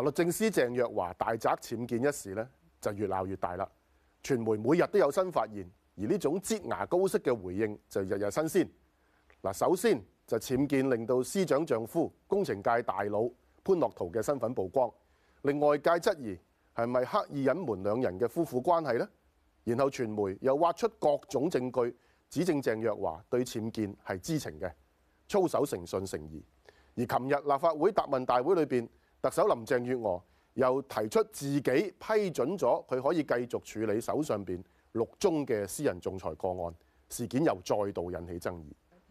律政司鄭若驊大宅僭建一事咧，就越鬧越大啦。傳媒每日都有新發現，而呢種擠牙膏式嘅回應就日日新鮮。嗱，首先就僭建令到司長丈夫工程界大佬潘樂圖嘅身份曝光，令外界質疑係咪刻意隱瞞兩人嘅夫婦關係呢？然後傳媒又挖出各種證據指證鄭若驊對僭建係知情嘅，操守誠信成疑。而琴日立法會答問大會裏邊，特首林鄭月娥又提出自己批准咗佢可以繼續處理手上邊六宗嘅私人仲裁個案，事件又再度引起爭議。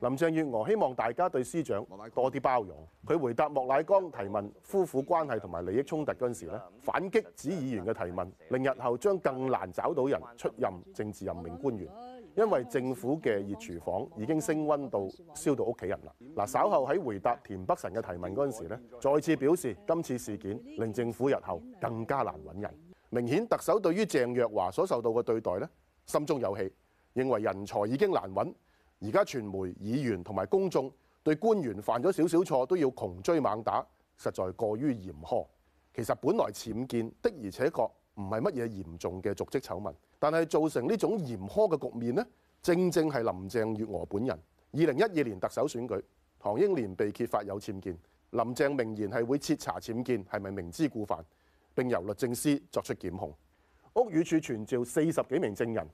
Okay. 林鄭月娥希望大家對司長多啲包容。佢 Okay. 回答莫乃光提問夫婦關係同埋利益衝突嗰陣時咧，反擊指議員嘅提問，令日後將更難找到人出任政治任命官員。因為政府嘅熱廚房已經升溫到燒到屋企人啦！嗱，稍後喺回答田北辰嘅提問嗰陣時咧，再次表示今次事件令政府日後更加難揾人。明顯特首對於鄭若驊所受到嘅對待咧，心中有氣，認為人才已經難揾，而家傳媒、議員同埋公眾對官員犯咗少少錯都要窮追猛打，實在過於嚴苛。其實本來僭建的，而且確。唔係乜嘢嚴重嘅組織醜聞，但係造成呢種嚴苛嘅局面呢，正正係林鄭月娥本人。二零一二年特首選舉，唐英年被揭發有僭建，林鄭明言係會徹查僭建，係咪明知故犯？並由律政司作出檢控。屋宇署傳召四十幾名證人，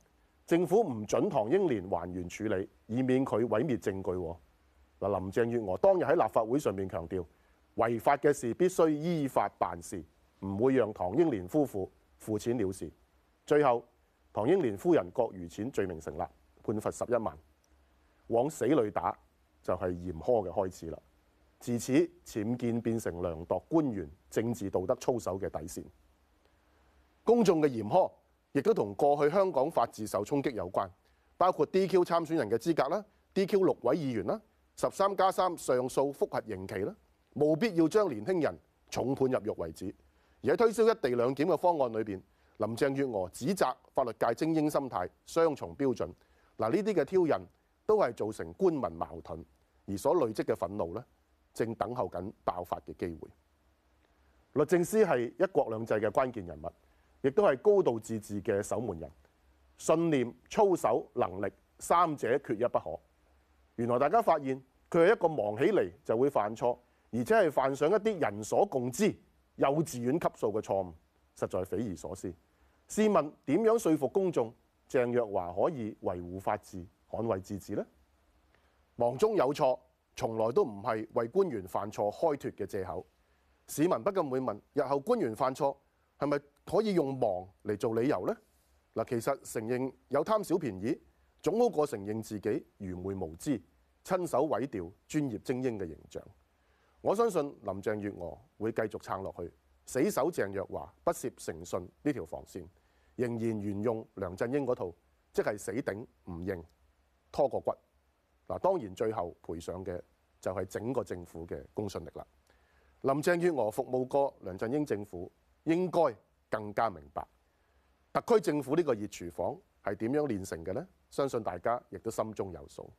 政府唔准唐英年還原處理，以免佢毀滅證據。嗱，林鄭月娥當日喺立法會上面強調，違法嘅事必須依法辦事，唔會讓唐英年夫婦付錢了事，最後唐英年夫人郭妤淺罪名成立，判罰十一萬，往死裏打就係、是、嚴苛嘅開始啦。自此，僭建變成量度官員政治道德操守嘅底線。公眾嘅嚴苛，亦都同過去香港法治受衝擊有關，包括 DQ 參選人嘅資格啦，DQ 六位議員啦，十三加三上訴覆核刑期啦，無必要將年輕人重判入獄為止。而喺推銷一地兩檢嘅方案裏面，林鄭月娥指責法律界精英心態雙重標準。嗱，呢啲嘅挑釁都係造成官民矛盾，而所累積嘅憤怒咧，正等候緊爆發嘅機會。律政司係一國兩制嘅關鍵人物，亦都係高度自治嘅守門人。信念、操守、能力三者缺一不可。原來大家發現佢係一個忙起嚟就會犯錯，而且係犯上一啲人所共知。幼稚園級數嘅錯誤實在匪夷所思。試問點樣說服公眾，鄭若驊可以維護法治、捍衛自治呢？忙中有錯，從來都唔係為官員犯錯開脫嘅借口。市民不禁會問：「日後官員犯錯係咪可以用忙嚟做理由呢？」嗱，其實承認有貪小便宜，總好過承認自己愚昧無知，親手毀掉專業精英嘅形象。我相信林鄭月娥會繼續撐落去，死守鄭若驊不涉誠信呢條防線，仍然沿用梁振英嗰套，即係死頂唔認，拖個骨。嗱，當然最後賠上嘅就係整個政府嘅公信力啦。林鄭月娥服務過梁振英政府，應該更加明白特區政府呢個熱廚房係點樣煉成嘅呢？相信大家亦都心中有數。